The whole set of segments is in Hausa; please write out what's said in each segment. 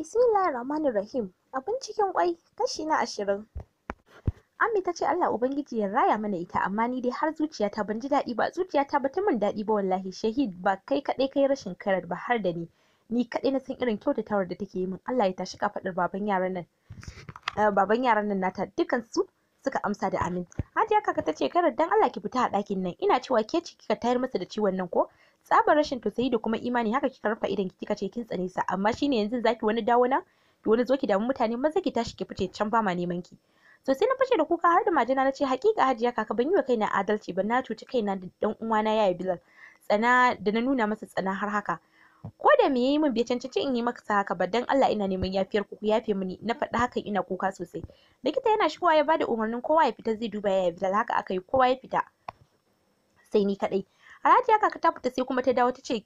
Bismillah Rahmanir Rahim. abun cikin kwai kashi na ashirin. Ami ta ce Allah Ubangiji ya raya mana ita amma ni dai har zuciyata ban ji daɗi ba zuciyata ba ta min daɗi ba wallahi shahid ba kai kaɗai kai rashin karar ba har da ni. Ni kaɗai na san irin tawar da take yi min Allah ya tashi kafaɗar baban yaran nan. Eh, baban yaran nan nata dukan su suka amsa da amin. Hadiya kaka ta ce karar dan Allah ki fita a ɗakin nan ina cewa ke ci kika tayar masa da ciwon nan ko tsabar rashin tausayi da kuma imani haka kika rufe idan kika ce kin tsane sa amma shine yanzu zaki wani dawo na ki wani zo ki damu mutane maza ki tashi ki fice can ba ma neman ki so sai na fashe da kuka har da majina na ce haƙiƙa hajiya kaka ban yi wa kaina adalci ba na cuci kaina da dan uwana yaya bilal tsana da na nuna masa tsana har haka ko da me yayi min bai cancanci in yi maka haka ba dan Allah ina neman yafiyar ku ku yafe mini na faɗi hakan ina kuka sosai likita yana shigowa ya bada umarnin kowa ya fita zai duba yaya bilal haka aka yi kowa ya fita sai ni kadai Alhaji kaka ta fita sai kuma ta dawo ta ce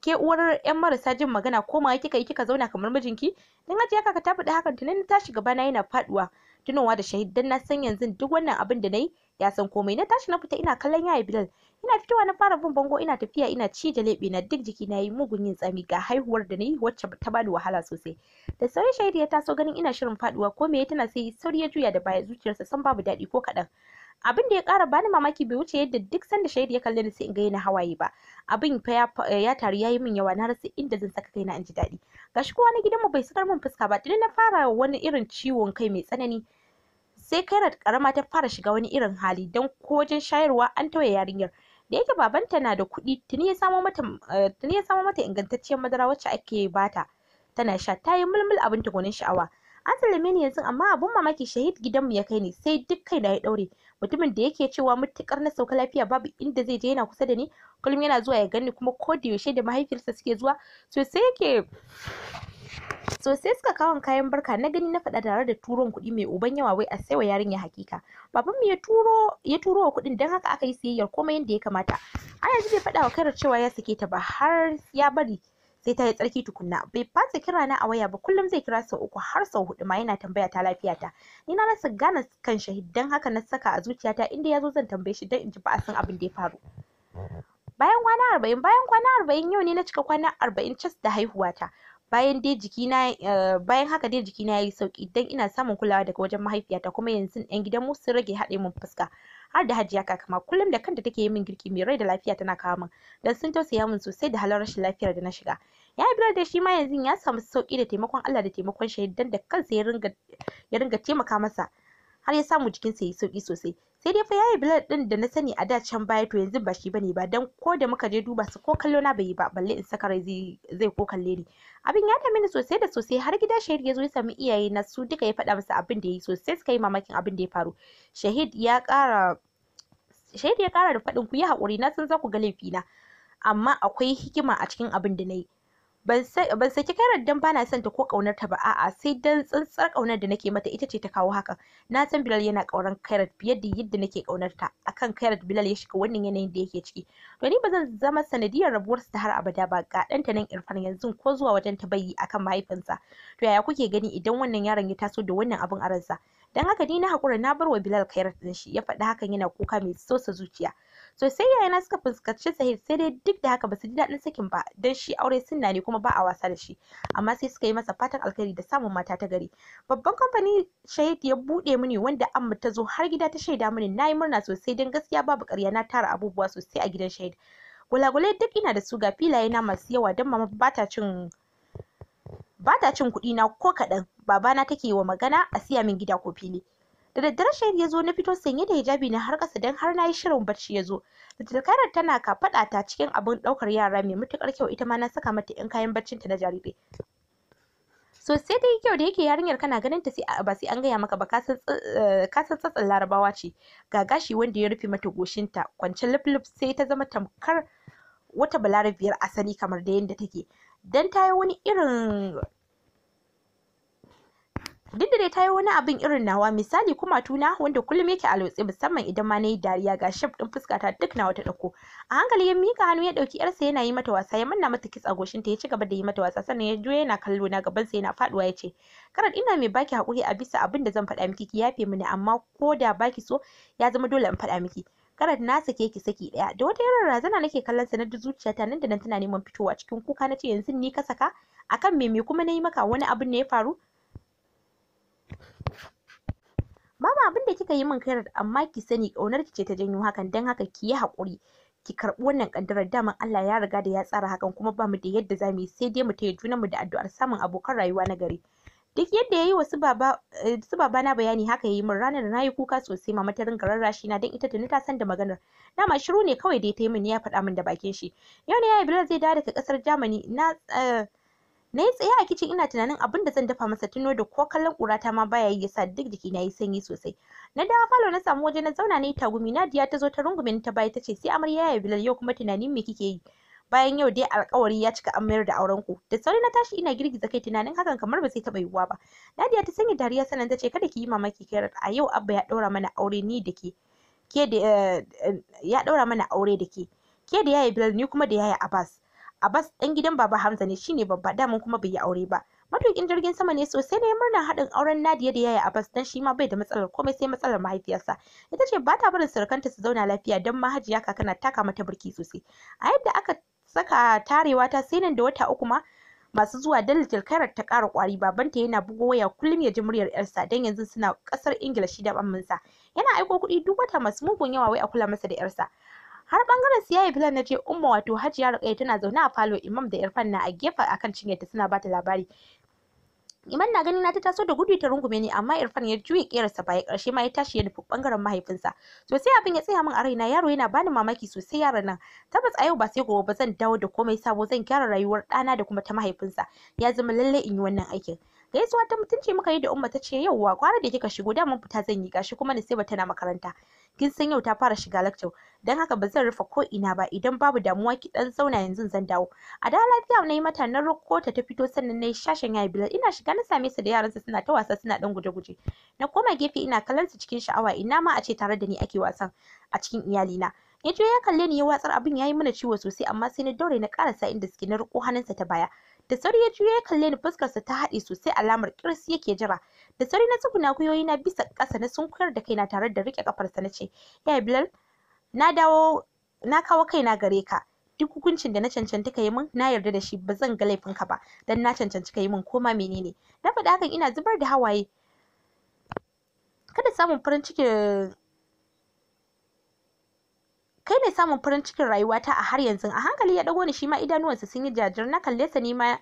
ke uwar yan marasa jin magana ko ma kika yi kika zauna kamar mijinki dan Hajiya kaka ta fita hakan tunanin ta gaba na yana faduwa tunowa da shahid na san yanzu duk wannan abin da nayi ya san komai na tashi na fita ina kallon yayi Bilal ina fitowa na fara bin bango ina tafiya ina ci da lebe na duk jiki na yi mugun yin tsami ga haihuwar da nayi wacce ta bani wahala sosai da sauri shahid ya taso ganin ina shirin faduwa ko me tana sai sauri ya juya da baya zuciyarsa san babu daɗi ko kaɗan abin da ya ƙara bani mamaki bai wuce yadda duk sanda shaidu ya kalle ni sai in ga yana hawaye ba abin fa ya taru yayi min yawa na rasa inda zan saka kaina in ji daɗi gashi kowa na gidanmu bai sakar min fuska ba tunda na fara wani irin ciwon kai mai tsanani sai kairat karama ta fara shiga wani irin hali dan ko wajen shayarwa an tauye yarinyar da yake babanta na da kuɗi tuni ya samo mata eh, tuni ya samo mata ingantacciyar madara wacce ake bata tana sha ta yi mulmul abin tugunin sha'awa an sallame ni yanzu amma abun mamaki shahid gidanmu ya kai ni sai duk kai na ya daure mutumin da yake cewa mutukar na sauka lafiya babu inda zai je yana kusa da ni kullum yana zuwa ya ganni kuma ko da yaushe da mahaifiyarsa suke zuwa Sosai yake so suka kawo kayan barka na gani na faɗa tare da turon kuɗi mai uban yawa wai a saiwa yarinya hakika baban mu ya turo ya turo wa kuɗin dan haka aka yi siyayyar komai yadda ya kamata a yanzu bai faɗa wa cewa ya sake ta ba har ya bari sai ta yi tsarki tukunna bai fasa kira na a waya ba kullum zai kira sau uku har sau hudu ma yana tambaya ta lafiya ta ni na rasa gane kan shahid dan haka na saka a zuciyata inda ya zo zan tambaye shi dan in ji ba a san abin da ya faru bayan kwana arba'in bayan kwana arba'in yau ne na cika kwana arba'in cas da haihuwata bayan dai jikina eh, bayan haka dai jikina yayi sauki dan ina samun kulawa daga wajen mahaifiyata kuma yanzu yan gidan mu sun rage haɗe mun fuska har da hajiya ma. kullum da kanta take yi min girki mai rai da lafiya tana kawo min dan sun tausaya min sosai da halar rashin lafiyar da na shiga ya yi da shi ma yanzu ya samu sauki da taimakon Allah da taimakon shaidan da kansa ya ringa ya ringa taimaka masa har ya samu jikin sa ya sauki sosai sai dai fa yayi blood din da na sani a da can baya to yanzu ba shi bane ba dan ko da muka je duba su ko kallo na bai ba balle in saka rai zai ko kalle ni abin ya dame ni sosai da sosai har gida shahid ya zo ya samu iyaye na su duka ya faɗa masa abin da yayi sosai suka yi mamakin abin da ya faru shahid ya ƙara shahid ya ƙara da faɗin ku yi haƙuri na san za ku ga laifi na amma akwai hikima a cikin abin da na yi ban saki karar dan bana son ta ko kaunar ta ba a'a sai dan tsantsar kaunar da nake mata ita ce ta kawo hakan na san Bilal yana kauran Kairat fiye da yadda nake ƙaunar ta akan Kairat Bilal ya shiga wannan yanayin da yake ciki to ni zan zama sanadiyar rabuwar ta har abada ba ga dan ta nan Irfan yanzu ko zuwa wajen ta bayyi akan mahaifinsa to yaya kuke gani idan wannan yaron ya taso da wannan abin a ransa dan haka ni na hakura na bar wa Bilal Kairat din shi ya faɗi hakan yana kuka mai sosa zuciya so sai yayana suka fuskanci Sahid sai dai duk da haka basu ji daɗin sakin ba dan shi aure sunna ne kuma ba a wasa da shi amma sai suka yi masa fatan alkhairi da samun mata ta gari babban kamfani Shahid ya buɗe mini wanda amma ta zo har gida ta shaida mini nayi murna sosai dan gaskiya babu ƙarya na tara abubuwa sosai a gidan Shahid gulagulai duk ina da su ga filaye na masu yawa dan mama ta cin ta cin kuɗi na ko kaɗan babana take yi wa magana a siya min gida ko fili da daddare shahid ya zo na fito sanye da hijabi na har ƙasa don har na shirin bacci ya zo da tilkarar tana ka faɗa ta cikin abun ɗaukar yara mai matuƙar kyau ita ma na saka mata 'yan kayan baccinta na jarirai so sai dai kyau da yake yarinyar kana ganin ta sai ba sai an gaya maka ba eh, ka san tsatsan larabawa ce ga gashi wanda ya rufe mata goshinta kwance lif sai ta zama tamkar wata balarabiyar asali kamar da yadda take dan ta yi wani irin duk da dai ta yi wani abin irin nawa misali kuma tuna wanda kullum yake a lotse musamman idan ma na yi dariya ga shaf din ta duk nawa ta dauko a hankali ya mika hannu ya dauki yarsa yana yi mata wasa ya manna mata kitsa goshin ta ya ci gaba da yi mata wasa sannan ya juya yana kallo na gaban sa yana faduwa ya ce karat ina mai baki hakuri a bisa abin da zan faɗa miki ki yafe mini amma ko da baki so ya zama dole in faɗa miki karat na sake ki saki daya da wata yaran razana nake kallon sa na zuciyata nan da nan tana neman fitowa cikin kuka na ce yanzu ni ka saka akan me kuma na yi maka wani abin ne ya faru mama abin da kika yi min kairat amma ki sani ƙaunar ki ce ta janyo hakan dan haka ki yi haƙuri ki karɓi wannan kaddarar daman Allah ya riga da ya tsara hakan kuma bamu da yadda za mu yi sai dai mu taya mu da addu'ar samun abokan rayuwa na gari duk yadda ya yi wa su baba eh, na bayani haka ya yi min ranar na yi kuka sosai mama ta rinka rarrashi na dan ita tuni ta san da maganar dama shiru ne kawai da ya ta min ya faɗa min da bakin shi yau ne ya yi bilal zai dawo daga ƙasar Germany na eh, na yi tsaye a kicin ina tunanin abin da zan dafa masa tuno da ko kallon ƙura ta ma baya yi yasa duk jiki na yi sanyi sosai na dawo falo na samu waje na zauna na yi tagumi Nadiya ta zo ta rungume ta baya ta ce sai amarya ya bilal yau kuma tunanin me kike yi bayan yau dai alƙawari ya cika an mayar da auren ku da sauri na tashi ina girgiza kai tunanin hakan kamar ba zai taɓa yiwuwa ba Nadiya ta sanya dariya sanan ta ce kada ki yi mamaki kai a yau abba ya ɗaura mana aure ni da ke ke da eh, eh, ya ɗaura mana aure da ke ke da yaya bilal ni kuma da yaya abbas Abbas ɗan gidan Baba Hamza ne shine babba daman kuma bai yi aure ba. Matukin jirgin sama ne sosai ne murnar haɗin auren Nadiya da yaya Abbas dan shi ma bai da matsalar komai sai matsalar mahaifiyarsa. Ita ce ba ta barin surukanta su zauna lafiya don mahajiya kaka na taka mata birki sosai. A yadda aka saka tarewa ta sai nan da wata uku ma masu zuwa dalil karar ta ƙara ƙwari babanta yana bugo waya kullum ya ji muryar yarsa dan yanzu suna ƙasar ingila shi da mamminsa yana aiko kuɗi duk wata masu mugun yawa wai a kula masa da yarsa har bangaren siya ya filan na je umma wato hajiya rukaiya tana zaune a falo imam da irfan na a gefe akan cinyarta suna bata labari Iman na ganin na ta taso da gudu ta rungume ni amma Irfan ya juye kerarsa baya karshe ma ya tashi ya nufi bangaren mahaifinsa. Sosai abin ya tsaya min a raina yaro yana bani mamaki sosai yaran nan. Tabbas a yau ba sai gobe ba zan dawo da komai sabo zan gyara rayuwar ɗana da kuma ta mahaifinsa. Ya zama lallai in yi wannan aikin. gaisuwa ta mutunci muka yi da umma ta ce yauwa kwana da kika shigo da mun fita zan yi gashi kuma ni sai ba tana makaranta kin san yau ta fara shiga lecture dan haka ba zan rufe ko ina ba idan babu damuwa ki dan zauna yanzu zan dawo a da lafiya na yi mata na roko ta ta fito sannan na yi shashin yayi bilal ina shiga na same su da yaransa suna ta wasa suna dan guje-guje na koma gefe ina kallon su cikin sha'awa ina ma a ce tare da ni ake wasan a cikin iyalina ya je ya kalle ni ya watsar abin yayi mana ciwo sosai amma sai na daure na karasa inda suke na riko hannunsa ta baya da sauri ya juya ya kalle ni fuskarsa ta haɗe sosai alamar kirsi yake jira da sauri na tsuguna gwiwoyi na bisa ƙasa na sunkuyar da kaina tare da riƙe ƙafarsa na ce ya bilal na dawo na kawo kaina gare ka duk hukuncin da na cancanta ka yi min na yarda da shi ba zan ga laifinka ba dan na cancanci ka yi min koma menene na faɗi hakan ina zubar da hawaye kada samun farin ciki kai mai samun farin cikin rayuwa ta a har yanzu a hankali ya dago ni shi ma idanuwansa sun yi jajir na kalle sa ni ma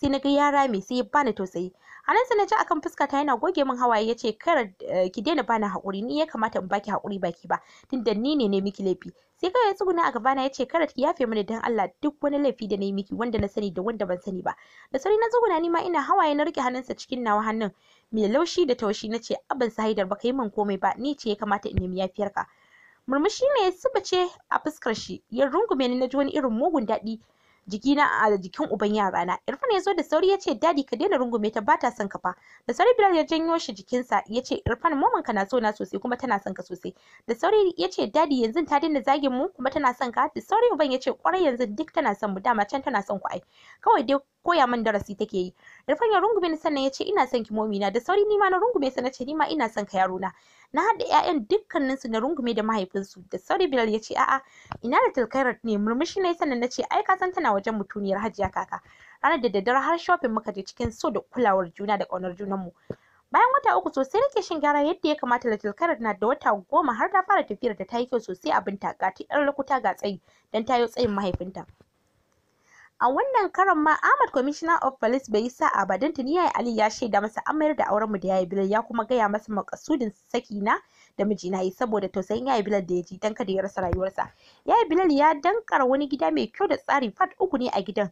sai na ga yara mai sai bani tausayi hannunsa na ji akan fuska ta yana goge min hawaye ya ce kar eh, ki daina bani hakuri ni ya kamata in baki haƙuri baki ba tunda ni ne ne miki laifi sai kawai ya tsuguna a gabana ya ce kar ki yafe mini dan Allah duk wani laifi da na yi miki wanda na sani da wanda ban sani ba da sauri na tsuguna ni ma ina hawaye na rike hannunsa cikin nawa hannun mai laushi da taushi na ce abin sahidar baka yi min komai ba ni ce ya kamata in nemi yafiyarka murmushi ne ya ce a fuskar shi ya rungume ni na ji wani irin mugun daɗi jikina a jikin uban yarana irfan ya zo da sauri ya ce dadi ka daina rungume ta bata son ka fa da sauri bilal ya janyo shi jikinsa ya ce irfan moman ka na so na sosai kuma tana son ka sosai da sauri ya ce dadi yanzu ta daina zagin mu kuma tana son ka da sauri uban ya ce kwarai yanzu duk tana son mu dama can tana son ku ai kawai dai koya min darasi take yi Irfan rungume ne sannan ya ce ina son ki na" da sauri nima na rungume ce "Ni ma ina son ka yaro na na haɗa ƴaƴan dukkanin su na rungume da mahaifinsu da sauri Bilal ya ce a'a ina da tilkairat ne murmushi ne sannan nace ai ka san tana wajen mutuniyar Hajiya kaka ranar da daddare har shopping muka je cikin so da kulawar juna da ƙaunar junanmu bayan wata uku sosai nake shin gyara, yadda ya kamata da tilkarar na da wata goma har ta fara tafiyar da ta yi kyau sosai abin ta ga ta lokuta ga tsayi dan ta yi tsayin mahaifinta a wannan karon ma ahmad commissioner of police bai yi sa'a ba don tuni yayi ali ya shaida masa amayar da auren mu da yayi bilal ya kuma gaya masa makasudin saki na da mijina yi saboda tausayin yayi bilal da ya ji dan kada ya rasa rayuwarsa yayi bilal ya dankar wani gida mai kyau da tsari fat uku ne a gidan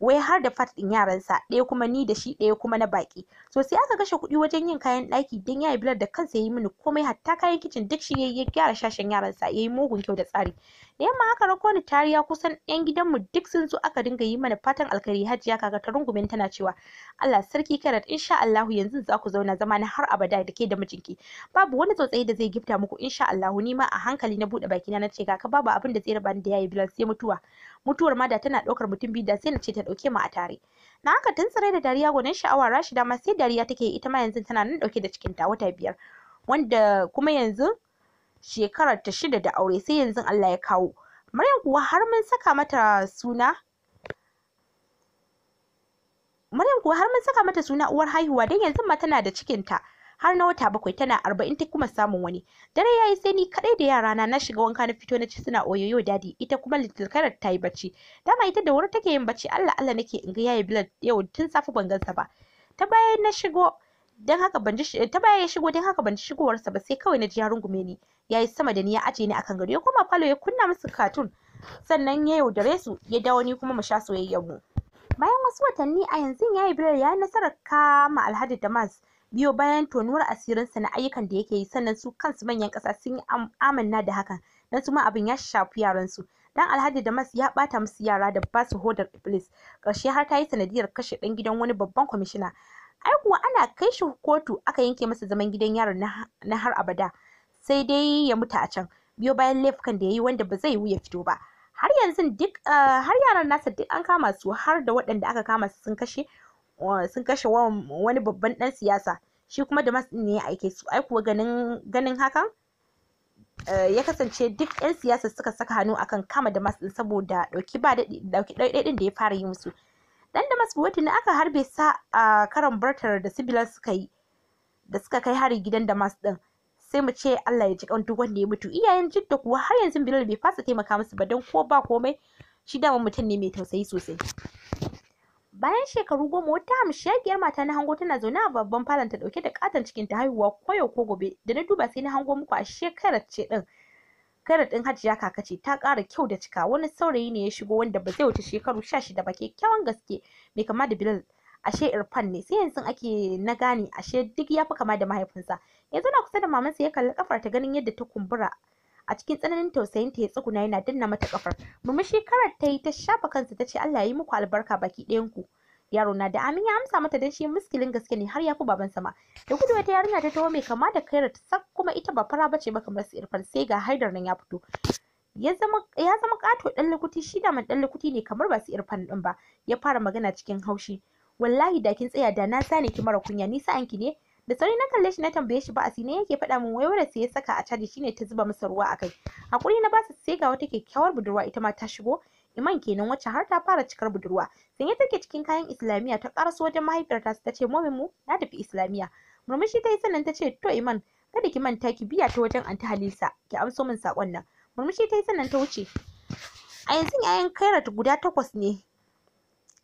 wai har da fat din yaransa ɗaya kuma ni da shi ɗaya kuma na baki so sai aka kashe kuɗi wajen yin kayan ɗaki don yayi bilal da kansa yayi mini komai hatta kayan kicin duk shi yayi ya gyara shashin yaransa yi mugun kyau da tsari da yamma aka rako ni tariya kusan yan mu duk sun zo aka dinga yi mana fatan alkari hajiya kaga ta rungumin tana cewa Allah sarki karat insha Allah yanzu za ku zauna zama na har abada da ke da mijinki babu wani tsotsayi da zai gifta muku insha Allah ni ma a hankali na bude baki na ce kaka babu abin da zai raba ni da yayi bilal sai mutuwa mutuwar ma da tana daukar mutum biyu da sai na ce ta dauke mu a tare na haka tun tsare da dariya gwanin sha'awa Rashida ma sai dariya take ita ma yanzu tana nan dauke da cikin ta wata biyar wanda kuma yanzu shekarar ta shida da aure sai yanzu Allah ya kawo Maryam kuwa har mun saka mata suna Maryam kuwa har mun saka mata suna uwar haihuwa dan yanzu ma tana da cikinta har na wata bakwai tana arba'in ta kuma samun wani dare yayi sai ni kadai da yarana na shiga wanka na fito na ci suna oyoyo dadi ita kuma little carrot ta yi bacci dama ita da wuri take yin bacci Allah Allah nake in ga yayi blood yau tun safe ban gansa ba ta bayan na shigo dan haka ban ji eh, ta baya ya shigo dan haka ban ji shigowarsa ba sai kawai na ji ya rungume ni yayi sama da ni ya aje ni akan gado ya koma falo ya kunna musu katun sannan ya yaudare su ya dawo ni kuma mu sha soyayyar mu bayan wasu watanni a yanzu ya yi birar ya yi nasarar kama da mas biyo bayan tonuwar asirinsa na ayyukan da yake yi sannan su kansu manyan ƙasa sun yi amanna da hakan dan su ma abin ya shafi yaransu dan da mas ya bata musu yara da ba su hodar iblis ƙarshe har ta yi sanadiyar kashe ɗan gidan wani babban kwamishina ai kuwa ana kai shi kotu aka yanke masa zaman gidan yaron na har abada sai dai ya mutu a can biyo bayan laifukan da ya yi wanda ba zai yiwu ya fito ba har yanzu duk ah, har yaran nasa duk an kama su har da waɗanda aka kama su sun kashe sun kashe wani babban dan siyasa shi kuma da masu ne ya aike su ai kuwa ganin ganin hakan eh, ya kasance duk 'yan siyasa suka saka hannu akan kama da masu saboda ɗauki ba ɗauki da ya fara yi musu dan da masbuwatu ne aka harbe sa a karan bartar da sibilan suka yi da suka kai hari gidan da masu din sai mu ce Allah ya ji kan duk wanda ya mutu iyayen jidda kuwa har yanzu bilal bai fasa taimaka musu ba don ko ba komai shi dama mutum ne mai tausayi sosai bayan shekaru goma wata hamshiyar mata na hango tana zaune a babban falon ta dauke da katon cikin ta haihuwa koyo ko gobe da na duba sai na hango muku a shekarar ce din Kada ɗin Hajiya kaka ce ta ƙara kyau da cika wani saurayi ne ya shigo wanda ba zai wuce shekaru sha shida ba kyakkyawan gaske mai kama da Bilal ashe Irfan ne sai yanzu ake na gane ashe duk ya fi kama da mahaifinsa yanzu na kusa da mamansa ya kalli kafar ta ganin yadda ta kumbura a cikin tsananin tausayin ta ya tsuguna yana danna mata kafar murmushi shekarar ta yi ta shafa kansa ta ce Allah ya yi muku albarka baki ɗayan ku yaro na da amin ya amsa mata dan shi muskilin gaske ne har ya fi babansa ma da gudu wata yarinya ta taho mai kama da ta sak kuma ita ba fara bace ba kamar su irfan sai ga haidar nan ya fito ya zama ya zama kato dan lukuti shi da man dan lukuti ne kamar ba su irfan din ba ya fara magana cikin haushi wallahi da kin tsaya da na sani ki mara kunya ni ki ne da sauri na kalle shi na tambaye shi ba asine yake faɗa min wai wanda sai ya saka a caji shine ta zuba masa ruwa a kai hakuri na ba su sai ga wata kyakkyawar budurwa ita ma ta shigo Iman kenan wacce har ta fara cikar budurwa. Sanye take cikin kayan Islamiyya ta karaso wajen mahaifiyarta ta ce momin mu na tafi Islamiyya. Murmushi ta yi sannan ta ce to Iman kada ki manta ki biya ta wajen anti Halisa ki amso min sakon nan. Murmushi ta yi sannan ta wuce. A yanzu 'ya'yan Kairat guda takwas ne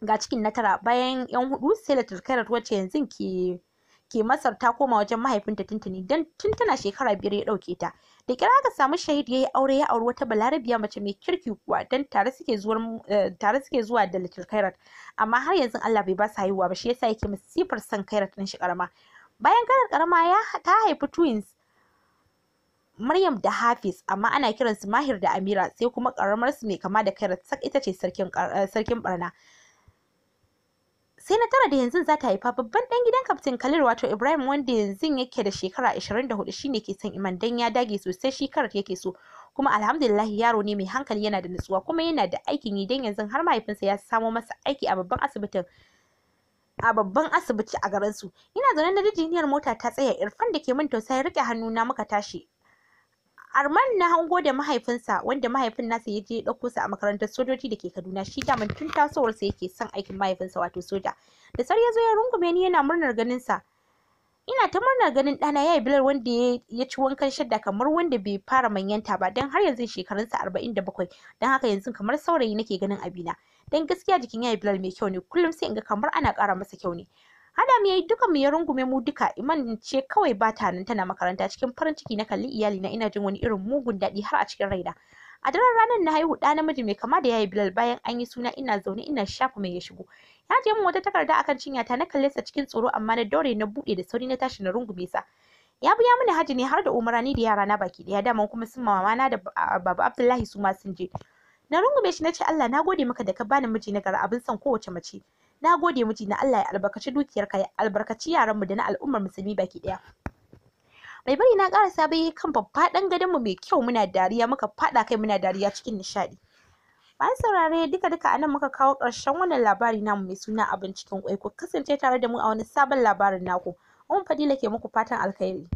ga cikin na tara bayan 'yan hudu sai da Kairat wacce yanzu ke ke Masar ta koma wajen mahaifinta tuntuni don tun tana shekara biyar ya ɗauke ta. Da kira aka samu shahid ya yi aure ya auri wata balarabiya mace mai kirki kuwa don tare suke eh, zuwa da Little Kairat. Amma har yanzu Allah bai ba su haihuwa ba shi yasa yake masifar son Kairat ɗin shi ƙarama. Bayan Kairat ƙarama ya ta haifi twins Maryam da Hafiz amma ana kiransu Mahir da Amira sai kuma ƙaramar su mai kama da Kairat sak ita ce sarkin eh, sarkin barna. sai na tara da yanzu za ta haifa babban dan gidan kaftin Khalil wato Ibrahim wanda yanzu yake da shekara 24 shine ke son Iman dan ya dage sosai shekarar yake so kuma alhamdulillah yaro ne mai hankali yana da nutsuwa kuma yana da aikin yi dan yanzu har mahaifinsa ya samo masa aiki a babban asibitin a babban asibiti a garinsu ina zaune na jiniyar mota ta tsaya irfan da ke min tausayi rike hannu na muka tashi Arman na hango da mahaifinsa wanda mahaifin nasa ya je ya ɗauko sa a makarantar sojoji da ke Kaduna shi da tun tasowar sa yake son aikin mahaifinsa wato soja. Da sar ya zo ya rungume ni yana murnar ganin sa. Ina ta murnar ganin ɗana yayi bilal bilar wanda ya ci wankan shadda kamar wanda bai fara manyanta ba dan har yanzu shekarunsa arba'in da bakwai don haka yanzu kamar saurayi nake ganin abina. dan gaskiya jikin yayi bilal bilar mai kyau ne kullum sai in ga kamar ana ƙara masa kyau ne. Hana mu yayi duka mu ya rungume mu duka Iman ce kawai ba ta nan tana makaranta cikin farin ciki na kalli iyali na ina jin wani irin mugun daɗi har a cikin raina. A daren ranar na haihu ɗa namiji mai kama da yayi Bilal bayan an yi suna ina zaune ina shafa mai ya shigo. Ya je min wata takarda akan cinya ta na kalle sa cikin tsoro amma na dore na buɗe da sauri na tashi na rungume sa. Ya biya mini haji ne har da umarani da yara na baki ɗaya daman kuma sun mama na da baba Abdullahi su ma sun je. Na rungume shi na ce Allah na gode maka da ka bani miji na gara abin son kowace mace. na gode na Allah ya albarkaci dukiyarka ya albarkaci yaranmu da na al'ummar musulmi baki daya mai bari na ƙara sabai kan faffaɗan gadonmu mai kyau muna dariya muka faɗa kai muna dariya cikin nishaɗi bayan saurare duka duka anan muka kawo ƙarshen wannan labari namu mai suna a cikin kwai ku kasance tare da mu a wani sabon labarin naku Umar Fadila ke muku fatan alkhairi